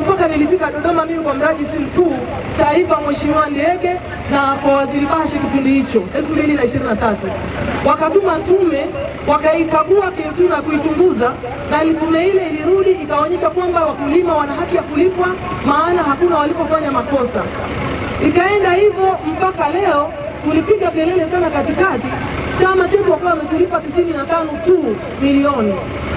Mpaka nilifika Dodoma mimi kwa si mkuu taifa Mheshimiwa Ndege na kwa Waziri Bashe kipindi hicho 2023 wakatuma tume wakaikagua kesi na kuichunguza, na tume ile ilirudi ikaonyesha kwamba wakulima wana haki ya kulipwa, maana hakuna walipofanya makosa. Ikaenda hivyo mpaka leo. Tulipiga kelele sana katikati, chama chetu wakawa wametulipa 95 tu milioni.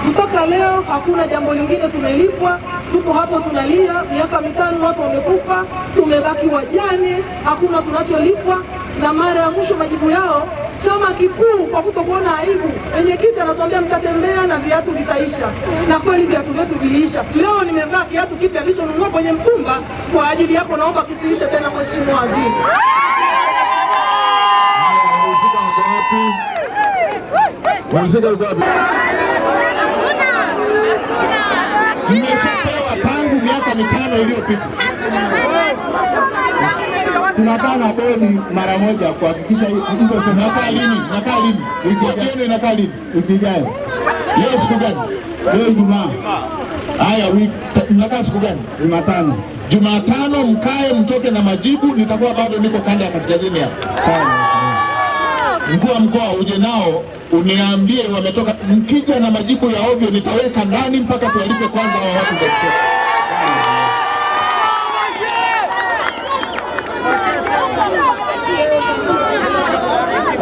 Mpaka leo hakuna jambo lingine tumelipwa tuko hapo tunalia, miaka mitano watu wamekufa, tumebaki wajane, hakuna tunacholipwa. Na mara ya mwisho majibu yao chama kikuu kwa kutokuona aibu, mwenyekiti anatuambia mtatembea na viatu vitaisha. Na kweli viatu vyetu viliisha. Leo nimevaa kiatu kipya alichonunua kwenye mtumba kwa ajili yako, naomba kisiishe tena, mheshimiwa waziri mikono iliyopita tunakaa bodi mara moja kuhakikisha nakaa lini, nakaa lini, wiki nakaa lini, wiki ijayo. Leo siku gani? Leo Ijumaa. Haya, mnakaa siku gani? Jumatano. Jumatano mkae mtoke na majibu. Nitakuwa bado niko kanda ya kaskazini hapa. Mkuu wa mkoa uje nao uniambie wametoka. Mkija na majibu ya ovyo, nitaweka ndani mpaka tuwalipe kwanza hao watu.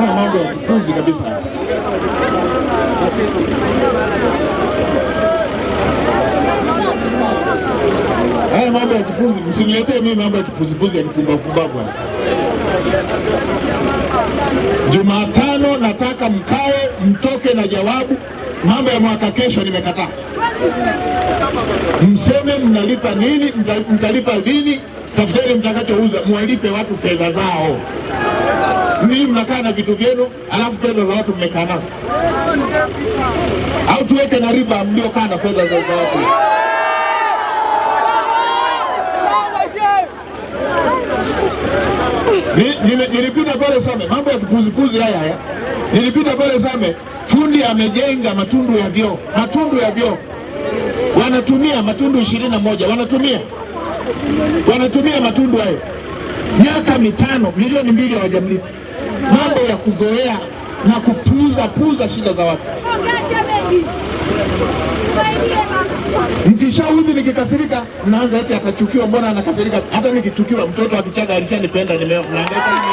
Haya mambo ya kipuzi kabisa. Haya mambo ya kipuzi, msiniletee mimi mambo ya kipuzipuzi ya kipumbapumbavu. Jumatano nataka mkae mtoke na jawabu. Mambo ya mwaka kesho nimekataa. Mseme mnalipa nini, mtalipa lini, tafuteni mtakachouza, mwalipe watu fedha zao. Ninyi mnakaa na vitu vyenu, alafu fedha za watu mmekaa nazo, au tuweke na riba mliokaa na fedha za watu. Nilipita pale Same, mambo ya kipuzipuzi haya haya. Nilipita pale Same, fundi amejenga matundu ya vyoo, matundu ya vyoo wanatumia matundu ishirini na moja wanatumia wanatumia matundu hayo miaka mitano, milioni mbili hawajamlipa mambo ya kuzoea na kupuuza puuza shida za watu. Nikishaudhi nikikasirika, mnaanza eti atachukiwa, mbona anakasirika? Hata nikichukiwa, mtoto akichaga Kichaga alishanipenda, nimehangaika